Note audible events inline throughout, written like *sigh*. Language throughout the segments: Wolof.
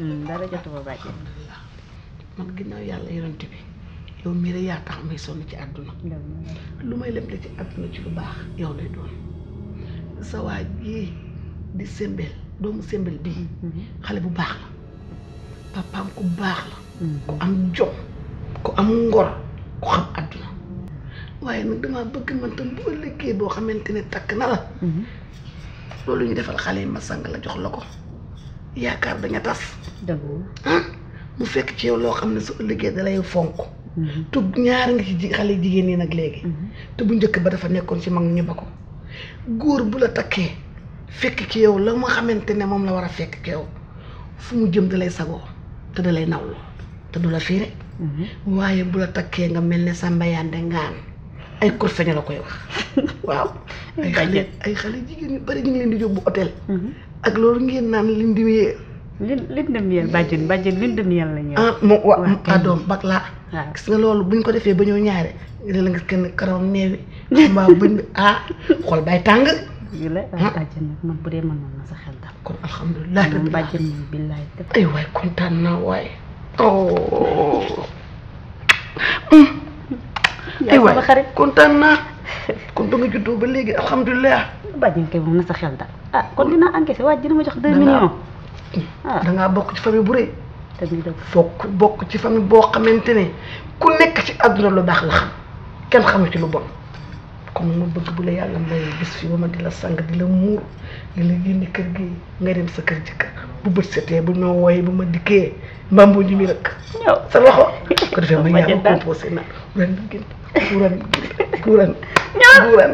Hmm, dara jotu ba man ginnaaw yàlla yorante bi yow mii rek yaa tax may sonn ci àdduna. lu may leb ci àdduna ci lu baax yow lay doon sa waa di sembel doomu sembel bi hmm, hmm. xale bu baax la papaam ku baax la. ku am jom ku am ngor ku xam àdduna. waaye nag damaa bëgg man tam bu ëllëgee boo xamante ne takk na la. loolu ñu defal xale yi ma sang la jox la ko. yaakaar bañ tas. dëgg ah mu fekk ci yow loo xam ne su ëllëgee da lay fonk. Mm-hmm. te ñaar nga ci xale jigéen ñi nag léegi. Mm-hmm. te bu njëkk ba dafa nekkoon ci mag ñu ko góor bu la takkee fekk ci yow la ma xamante ne moom la war a fekk ci yow fu mu jëm da lay sagoo te da lay nawlu te du la fiire mm-hmm. waaye bu la takkee nga mel ne Samba Yande ngaan ay kurfeñ la koy wax *laughs* waaw ay xale ay xale jigéen ñu bari ñu leen di yóbbu hôtel mhm. ak loolu ngeen naan lim di wéyee lindem yel bàjjen bàjjen lindem yel la ñu ah moom wa pardon ah, bak laa gis nga loolu buñ ko defee ba ñëw ñaare la nga kenn karawam neewi mbaa *laughs* buñ ah xol bay tàng yi la ah, ah. bàjjen nag man bu dee mën na sa xel dal kon alhamdulilah moom bàjjen moom billaay ay waay kontaan naa waay oh *laughs* Iya, ay waay kontaan naa kon gitu ba nga juddoo ba léegi gitu. alhamdulilah bàjjen kan, kay moom na sa xel daal ah kon dinaa encaissé waaj dina ma jox millions ah dangaa bokk ci famille bu rëy fokk bokk ci famille boo xamante ku nekk ci àdduna lu baax la xam kenn xamu ci lu bon kon ma bëgg bu la may fi di sang di la di kër gi nga dem sa kër jëkkër bu bët setee bu ma wooyee bu ma dikkee mbambu ñu mi rek. sa loxo. *laughs* ko ma composé na guuran guuran guuran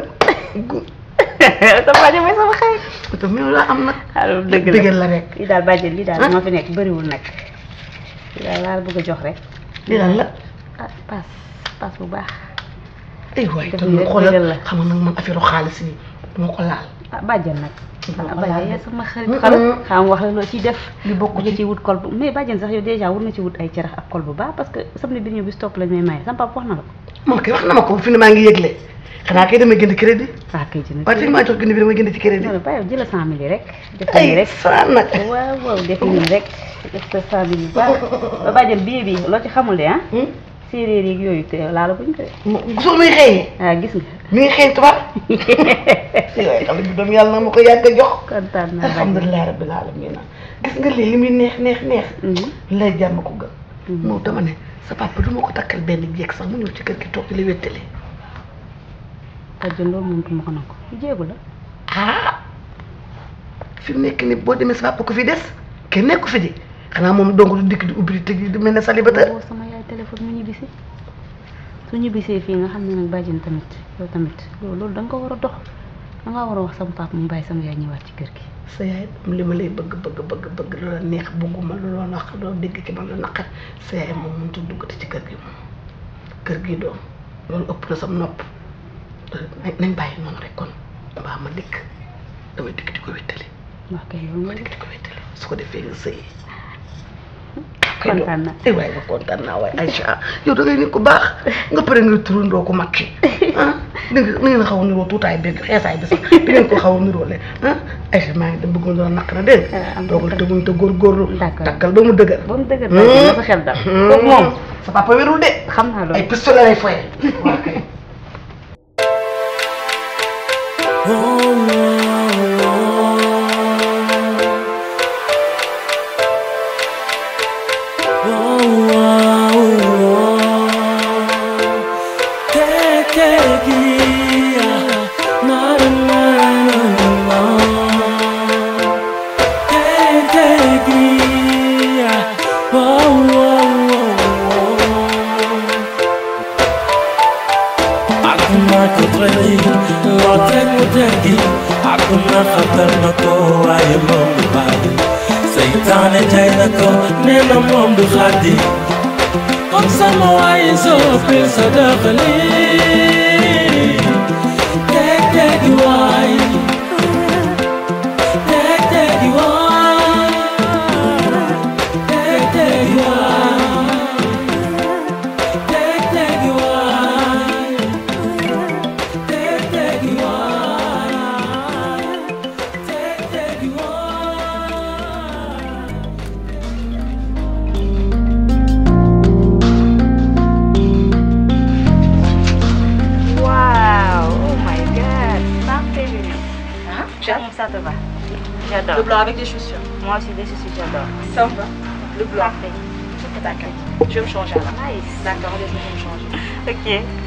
*laughs* sama bàjjen mooy sama xarit. te am nag. alors dëgg la la rek. lii daal bàjjen lii daal ah. moo fi nekk bëriwul nag. lii daal laa bëgg jox rek. lii daal la. ah paas bu baax. ay waay te mu xoolal xam nga nag man affaire xaalis yi moo ko laal. ah bàjjen nag. ah bàjjen yaa sama xarit. xarit xam wax la loo ciy def. wut kol bu mais bàjjen sax ci wut ay cerax ak kol bu baax parce que sam ne bi ñëw bis lañ may maye sama wax na la ko. moom kay wax na ma ko fi maa ngi yëgle xanaa kay damay jënd crédit. Ah, waaw kay jënd waaye tey maa bi damay jënd ci crédit. loolu bàyyi jëla cent mille rek. def nii rek ay cent nag. waaw waaw def rek def ko cent ba bàyyi dem bi loo ci xamul de ah. Hmm? séeréer yeeg yooyu te laala buñ ko def. gisul muy xëy. waaw ah, gis nga. mi ngi xëy tubaab. *laughs* yooyu xale bi doom yàlla na ma ko yàgg a jox. kontaan naa alhamdulilah rabbil alamin gis nga lii li muy neex neex neex. Hmm. lay jàmm ko gën. Hmm. moo dama ne. sa papa du ma ko takkal benn jéeg sax mu ñëw ci kër ki toog di la wéttale. ajjandoo moom du ma ko nangu jéegu la. ah fi mu nekk nii boo demee sa papa ku fi des kenn nekku fi di xanaa moom dong du dikk di ubbi di tëj di mel ne célibataire. boo sama yaay téléphone mu ñibbisi su ñibbisee fii nga xam ne nag bàjjen tamit yow tamit loolu loolu da ko war a dox. da war a wax sama papa mu bàyyi sama yaay ñëwaat ci kër gi. sa yaay li ma lay bëgg bëgg bëgg bëgg loola neex bëgguma loola naq loo dégg ci man la naqar sa yaay moom mënut a duggati ci kër gi moom kër gi doom loolu ëpp na sam nopp nañ bàyyi noonu rek kon mbaa ma dikk damay dikk di ko wéttali. waaw kay ma dikk di ko wéttali su ko defee nga sëyi. kontaan naa ay waay nga kontaan naa waay Aïcha ku baax nga pare nga turandoo ko mag ki *laughs* ah ni ngeen xaw a niroo tuutaay beeg xeesaay bi sax di ngeen ko xaw a niroo le ah Aïcha maa ngi dem bëgg doon naq na dégg doogul tëguñ te góorgóorlu takkal ba mu dëgër ba mu dëgër ba hmm? sa xel dal hmm. moom sa papa wérul de xam naa loolu ay pistolet lay *laughs* te mu jéggi àdduna xatal na ko waaye moom du bàyyi seytaane jay na ko nee na moom J'adore ça te va J'adore. Le blanc avec des chaussures Moi aussi, des chaussures, j'adore. Ça va Le blanc Parfait. D'accord. Je vais me changer alors. Nice. D'accord, je vais me changer. ok.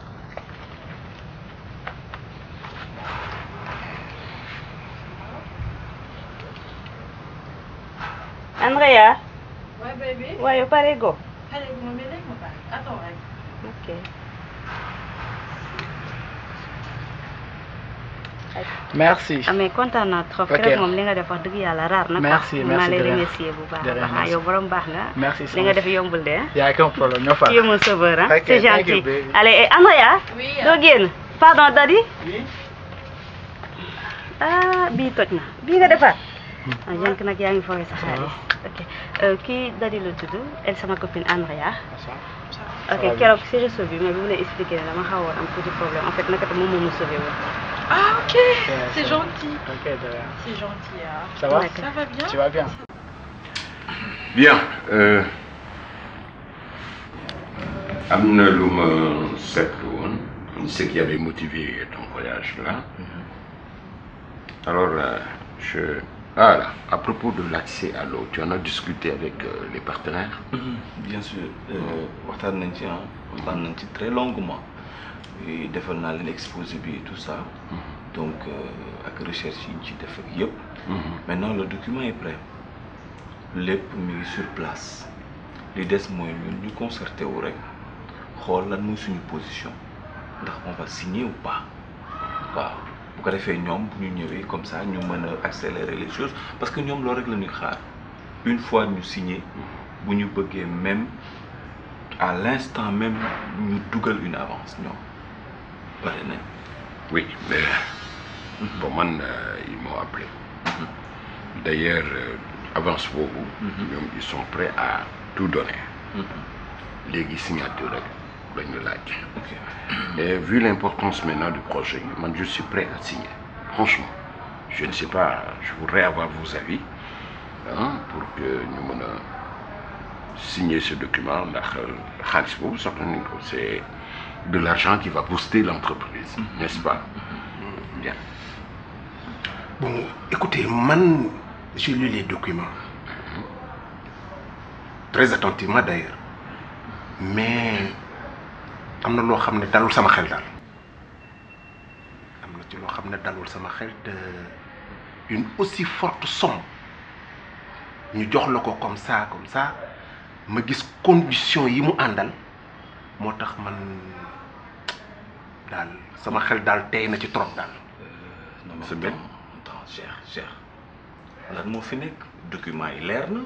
ya? Why baby? Why eu parei go? Parei go, me lembro, tá? Ato, vai. Ok. Ya, merci. Amé kontaan naa trop. Keroog moom li nga def wax dëgg yàlla raar na. merci ya, merci maa lay remercier bu baax a baax yow borom baax nga. merci li nga def yombul de. Eh? y' a aucun problème ñoo fa. tu es mon sauveur ah. c' est gentil. allez eh, Andrea. oui doo génn pardon Dadi. oui. ah bii toj na bii nga defar. Hmm. ah yank nag yaa ngi fooy sa xaalis. ok qui euh, Dali le Doudou? elle ma copine Andrea. ok alors si je bi mais vous expliquer, m'expliquer Je ne avoir un un problème en fait je vais vous sauver. ah ok c'est gentil. ok d'ailleurs c'est gentil ça va ça va bien tu vas bien. bien. Euh, am na c'est ma C'est ce qui avait motivé ton voyage là. Mm-hmm. alors euh, je. Voilà, à propos de l'accès à l'eau, tu en as discuté avec euh, les partenaires mhm, Bien sûr, on euh, a ci on hein. très longuement defal naa leen exposé et tout ça mhm. donc euh, ak recherche yi a ci mhm. maintenant le document est prêt Les premiers sur place les deux moyens, nous concerter concerté wu rek position on va signer ou pas bu ko defee ñoom bu ñu comme ça ñu mën accélérer les choses parce que ñoom loolu rek la ñuy xaar une fois ñu signé bu ñu bëggee même à l'instant même nous dugal une avance ñoom pare oui mais euh, bon moi, euh, ils m'ont appelé. Mm-hmm. d'ailleurs euh, avance boobu. Mm-hmm. ñoom ils sont prêts à tout donner. Mm-hmm. léegi signature rek vu l'importance maintenant du projet je suis prêt à signer franchement je ne sais pas je voudrais avoir vos avis hein, pour que nous signions signer ce document euh, c'est de l'argent qui va booster l'entreprise mm-hmm. n'est-ce pas mm-hmm. bien bon écoutez j'ai lu les documents mm-hmm. très attentivement d'ailleurs mais am na loo xam ne dalul sama xel daal am na ci loo xam ne dalul sama xel de une aussi forte somme ñu jox la ko comme ça comme ça ma gis condition yi mu àndal moo tax man daal sama xel daal tey na ci trop daal. monsieur euh, Mbène Cheikh cher, lan moo fi nekk document yi leer na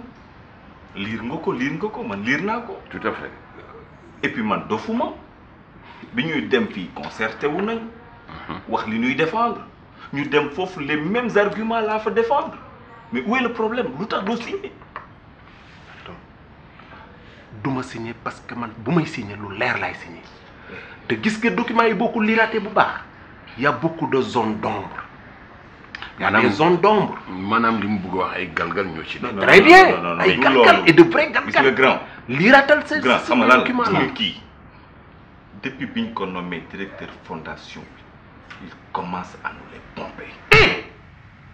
lire nga ko liir nga ko man lire naa ko. tout à fait et puis man dofuma bi ñuy dem fi concerté wu nañ wax li ñuy défendre ñu dem fofu les mêmes arguments la fa défendre mais où est le problème lu do doo signé du ma signé parce que man bu may signé lu leer lay signer te gis nga document yi beaucoup liraté bu baax y a beaucoup de zones d'ombre les zones d'ombre Manam, li mu bëgg wax ay galgal ñoo ci. très bien ay galgal et de vrai galgal. gis nga grand Liratal c'est sa document la Qui? depuis biñ ko nommé directeur de fondation il commence à nous les pomper.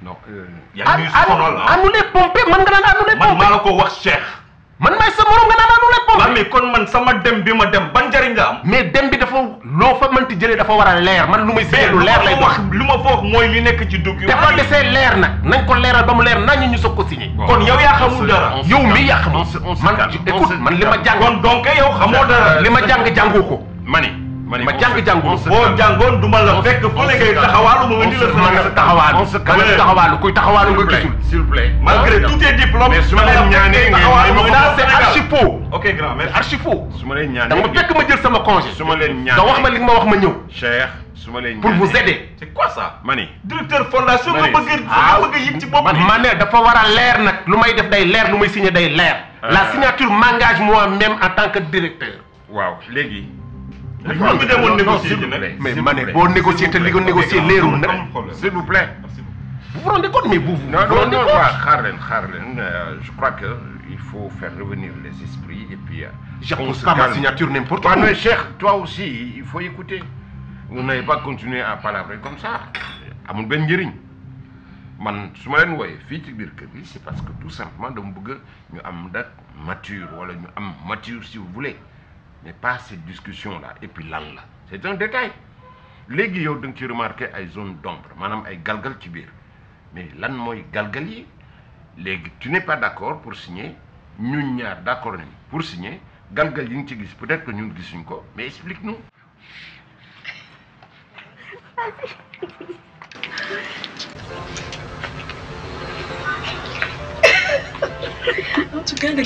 non. il y a sonal ah à nous les pomper man nga à nous les pomper man maa la ko wax Cheikh. man maay sa morom nga naan laa lay pompe. mais kon man sama dem bi ma dem ban njëriñ la am. mais dem bi dafa loo fa man ti jëlee dafa war a leer man lu may. séddale lu leer lay wax lu ma foog mooy li nekk ci dugub yi. dafa desee leer nag nañ ko leeral ba mu leer nañu ñu soog ko signé. kon yow yaa xamul dara. yow mi yaa xamul man écoute man li ma jàng. kon donc yow xamoo li ma jàng jàngoo ko ma ma jang jàngul bo jangon du ma la fekk fële ngay taxawaalu ma di la sa taxawaalu. on se calme taxawal kuy taxawaalu nga gisul. s'il vous plaît malgré tous tes diplômes. mais su ma leen ngeen may c'est archi faux. ok grand merci archi faux. su ma leen ñaanee da ma fekk ma jël sama congé. su ma leen wax ma li ma wax ma ñew Cheikh su ma leen pour vous aider. c'est quoi ça. ma directeur fondation ko bëgg a ah, bëgg a ci bopp bi. ma dafa wara lèr nak nag lu may def day lèr lu may day lèr ah. la signature m'engage moi-même en tant que directeur. waaw légui ne mais pas négocier mais ma ne négocier ne négocier s'il vous plaît. vous vous rendez compte mais vous. vous vous rendez compte euh, je crois que il faut faire revenir les esprits et puis. Euh, je pas ma signature n'importe quoi. Bah, mais toi aussi il faut écouter. vous n'avez pas continué à palabrer comme ça. amul ben njëriñ. man su Je leen wooyee ci c'est parce que tout simplement je bëgg ñu date mature wala ñu am mature si vous voulez mais pas cette discussion-là et puis l'angle c'est un détail les yow tu remarques remarqué ay zone d'ombre madame est galgal tibir mais l'angle, est galgal tu n'es pas d'accord pour signer sommes sommes d'accord pour signer galgal peut-être que nous les ko mais explique-nous en tout cas les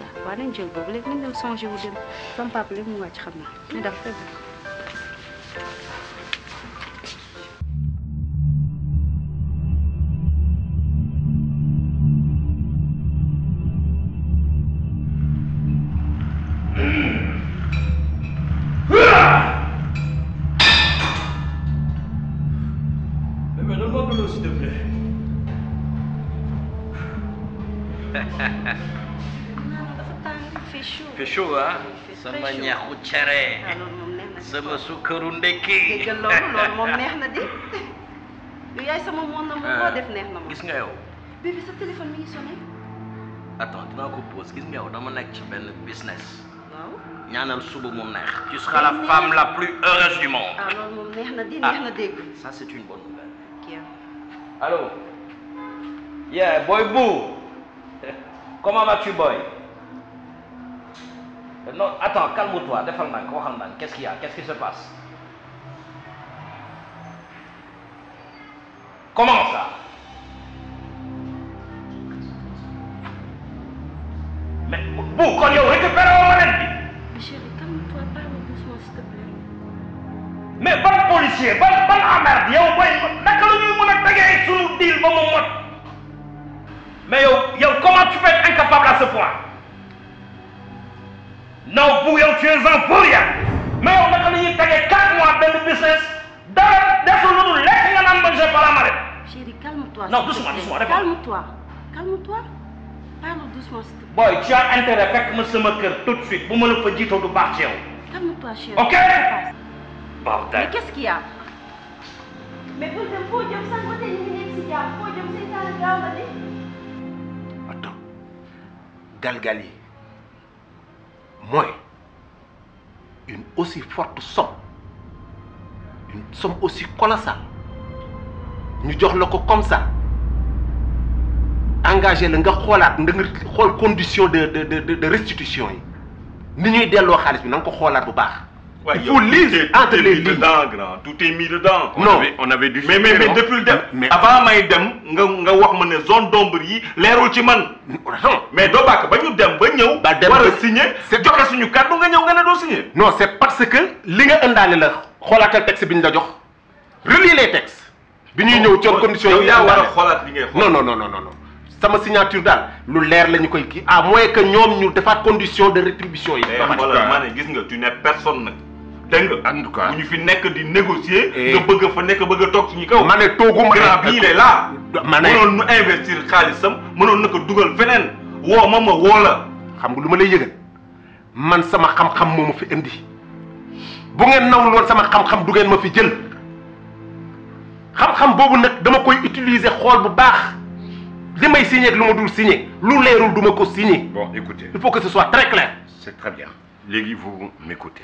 Je ne jël pas de papa ne ah sama ñaxu cere sama sukkaru ndekki dégg loolu loolu moom neex na di lu yaay sama moom na moom def neex na moom gis nga yow bébé sa téléphone mi ngi sonné attends dinaa ko pause gis nga yow dama nekk ci benn business waaw ñaanal suba mu neex tu seras la femme la plus heureuse du monde ah loolu moom neex na di neex na dégg ça c'est une bonne nouvelle ah. allô yeah boy boo *laughs* comment vas-tu boy non attends calme-toi défendant, qu'est-ce qu'il y a qu'est-ce qui se passe comment ça mais vous quand vous récupéré mon ma mais chérie calme-toi parle doucement s'il te plaît. mais bon policier pas ban y yo, booy naka la ñuy mën a sunu deal ba mon mot mais yo, yo, comment tu peux être incapable à ce point. Non bu yow tu es en pour ya mais on naka la ñuy tegee 4 mois benn business dara desul lu dul lekk nga naan man j'ai pas chérie calme-toi. non doucement doucement rek. calme-toi calme-toi parle doucement Boy, tu as intérêt fekk ma sama kër tout de suite bu ma la fa jiitoo du baax ci calme-toi chérie. ok. baax mais qu'est-ce qu'il y a. mais bul dem foo jëm sax ba tey ñu ngi nekk si jàmm foo jëm seytaane gaaw la de. attends Galgalie. Moi, une aussi forte somme une somme aussi colossale nous devons comme ça engager le nga condition de restitution Nous ni ñuy delloo xaalis bi na nga ko Ouais, il faut lire entre les lignes. dedans, grand. Tout est mis dedans. On non. Avait, on avait dû mais, mais, mais depuis le début. Avant may dem nga nga wax ma ne zone d'ombre yi leerul ci man. mais doo bàkk ba ñu dem ba ñëw. ba dem war a c'est joxe suñu kàddu nga ñëw nga ne doo signé. non c'est parce que li nga indaale la xoolaatal texte bi ñu la jox. relis les textes. bi ñuy ñëw ci condition yi yaa war a li ngay xool. non non non non non sama signature dal lu leer lañu koy ki à moins que ñom ñu defat condition de rétribution yi. ba eh, ma gis nga tu n'es personne nak dégg nga en tout cas ñu fi nekk di négocier. Eh. nga bëgg fa nekk bëgg tok ci ñi kaw. mané togu ma grand bii la mané ma ne investir xaalisam mënon na duggal fenen wo mama wo la. xam nga luma lay yëgal man sama xam-xam momu fi indi bu ngeen nawul won sama xam-xam du ngeen ma fi jël xam-xam bobu nak dama koy utiliser xol bu baax limay signé ak luma ma dul signé lu leerul duma ko signé. bon écoutez il faut que ce soit très clair. c'est très bien léegi vous m'écoutez.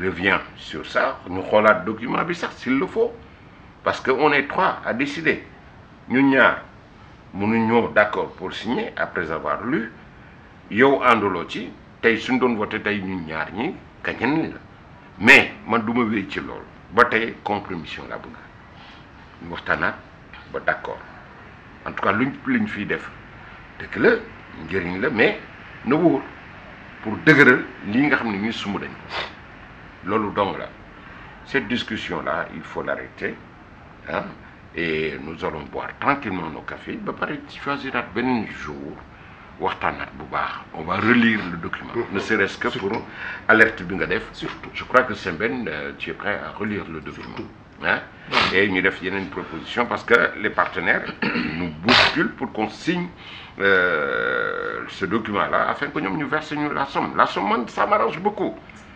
revient sur ça nous ñu le document bi sax s'il le faut parce que on est trois à décider ñun ñaar mënuñoo d'accord pour signer après avoir lu yow ànduloo ci tey suñ doon voté tey ñun ñaar ñi kañen ni la mais man du ma wéy ci loolu ba tey compromission la bëgg ñu ba d'accord en tout cas luñ luñ fiy def dëgg la njëriñ la mais na pour dëgëral lii nga xam ne ñuy sumb dañ cette discussion là il faut l'arrêter hein. et nous allons boire tranquillement nos cafés ba pare jour bu on va relire le document ne serait-ce que pour alerte bi je crois que bien. Euh, tu es prêt à relire le document hein et ñu def une proposition parce que les partenaires *coughs* nous bousculent pour qu'on signe euh, ce document là afin que nous versions la somme la somme ça m'arrange beaucoup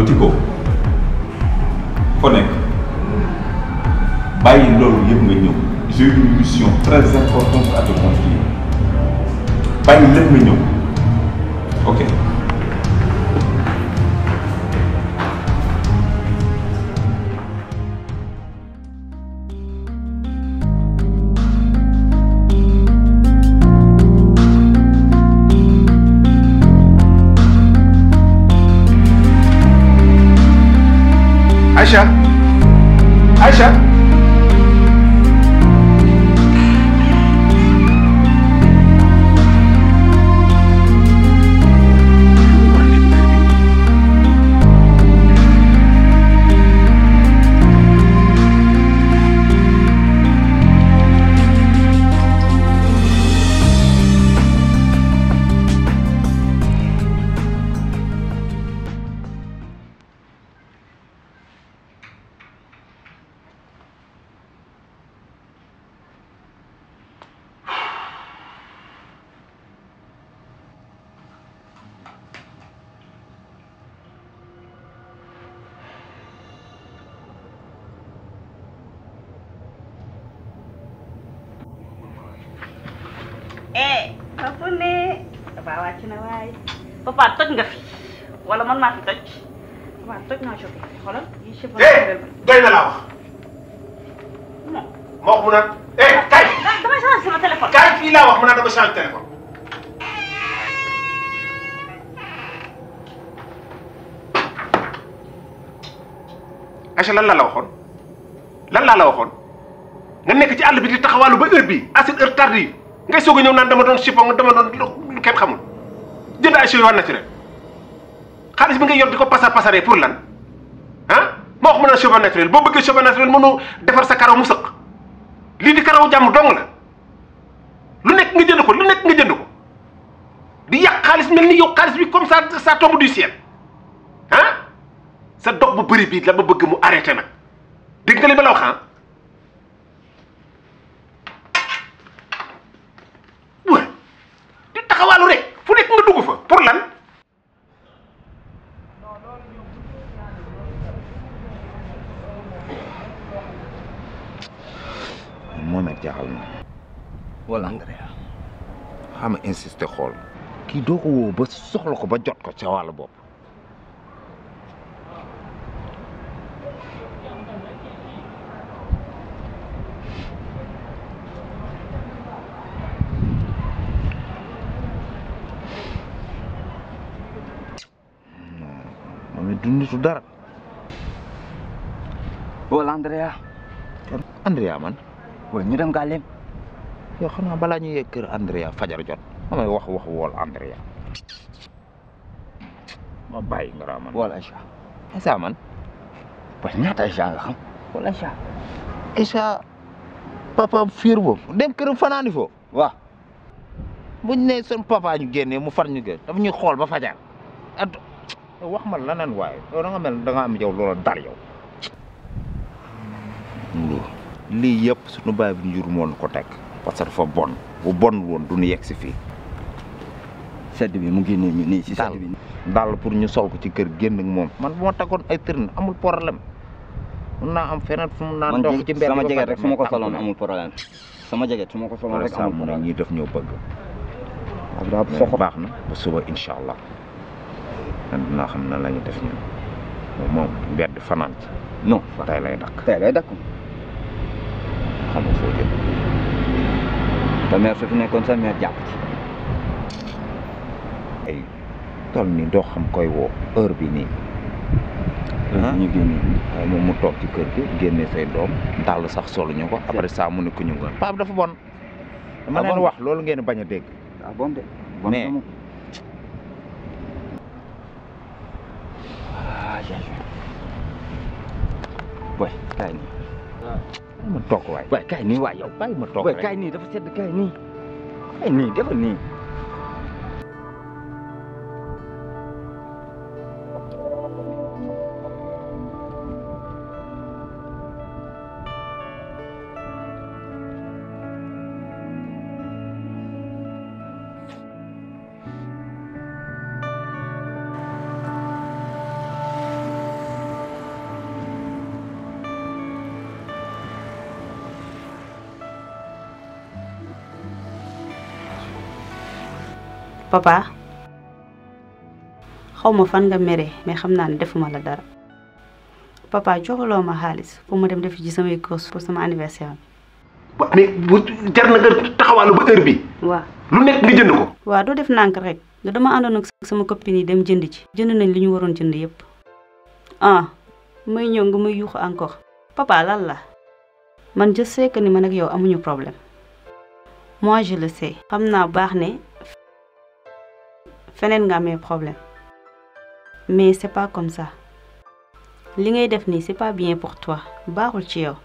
yow Tyco ko nekk bàyyi loolu nga j'ai une mission très importante à te confier Bye, lépp nga ok 还行，还行。papa toj nga fi wala man maa fi toj papa toj naa jóge xoolal. yi chef doy na laa wax. non. ma wax mu naan. eh kay. dama changé sama téléphone. kay fii laa wax mu naan dama changé téléphone. Aïcha lan laa la waxoon lan laa la waxoon nga nekk ci àll bi di taxawaalu ba heure bii à cette heure tardive ngay soog a ñëw naan dama doon chiffon dama doon lu kenn xamul. jënd ay cheveux naturel xaalis bi nga yor di ko pasar pasaree pour lan ah moo xam ne cheveux naturel boo bëggee cheveux naturel mënoo defar sa karaw mu sëq lii di karaw jàmm dong la lu nekk nga jënd ko lu nekk nga jënd ko di yàq xaalis mel ni yow xaalis bi comme ça ça tombe du ciel ah sa dox bu bëri bii la ma bëgg mu arrêté nag dégg nga li ma la wax ah taxawaalu rek dugg fa pour lan Mohamed na wala Andrea xool kii doo ko ba soxla ko ba jot ko ca wàllu bopp du dara. wala Andrea. Andrea man. wala ñu dem Gallem. yow xanaa balaa ñuy yegg kër Andrea fajar jot amay wax wax wool Andrea. ma bàyyi nga man wala Aïcha. Aïcha man. parce que ñaata Aïcha nga xam. wala Aïcha. Aïcha papa fiir boobu dem këram fanaani foofu waaw. buñ ne seen papa ñu génnee mu far ñu génn daf ñuy xool ba fajar wax ma leneen waaye yow da nga mel da nga am yow loola dal yow lii yëpp suñu baay bi njur moon ko teg parce que dafa bon bu bon woon du ñu yegg si fii sedd bi mu génnee ñu nii si sedd bi daal pour ñu sol ko ci kër génn ak moom man bu ma tegoon ay tërn amul problème mun naa am feneen fu mu naan dox ci mbedd sama jeget rek su ma ko amul problème sama jaga su ma ko rek amul problème ñii def ñoo bëgg baax na ba suba incha man dinaa xam na lañu ñu def ñun moom mbedd fanaan ci. non fa lay dakk tey lay dakk xam nga foo jëm te nekkoon sa maire jàpp ay tool ni doo xam koy woo heure bi nii ah. ñu génn waaye moom mu toog ci kër gi génne say doom dàll sax solu ñu ko après ça mu ne ko ñu ngoon paab dafa bon dama ah leen wax loolu ngeen bañ a dégg ah naa seen boy kaay nii. waaw ma toog waay. waay kaay nii waay yow bàyyi ma toog rek waay kaay nii dafa sedd kaay nii. kaay nii dafa nii. papa xaw ma fan nga mere mais xam naa ne defuma la dara papa joxuloo ma xaalis pour ma dem def ci samay course pour sama anniversaire bi. mais bu jar na nga taxawaalu ba heure bi. waaw lu nekk nga jënd ko. waaw doo def nànk rek nga dama àndoon ak sama copine yi dem jënd ci. jënd nañ li ñu jënd yépp ah may ñëw nga may yuuxu encore papa lan la. man je sais que ni man ak yow amuñu problème moi je le sais. xam baax ne. feneen nga amee problème mais c'est pas comme ça li ngay def nii c'est pas bien pour toi baaxul ci yow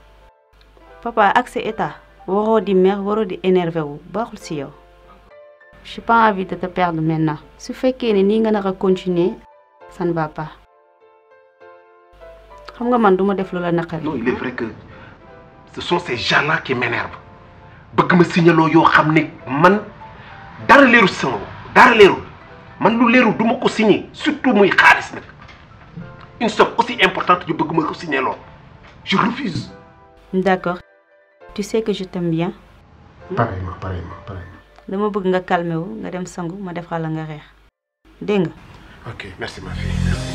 papa ak sa état waroo di mer waroo di énervé wu baaxul ci yow suis pas envie de te perdre maintenant su fekkee ne nii nga nar a continuer ça ne va pas xam nga man du ma def loola naqari. non il est vrai que ce sont ces gens-là qui m'énervent bëgg ma signaloo yoo xam ne man dara leeru sama dara leeru man lu leerul du ma ko signé surtout muy xaalis nag une somme aussi importante ñu bëgg ma ko signé lool je refuse. d'accord tu sais que je t'aime bien. pareillement pareillement pareillement. dama bëgg nga calmer wu nga dem sangu ma defal la nga reex dégg ok merci ma fille.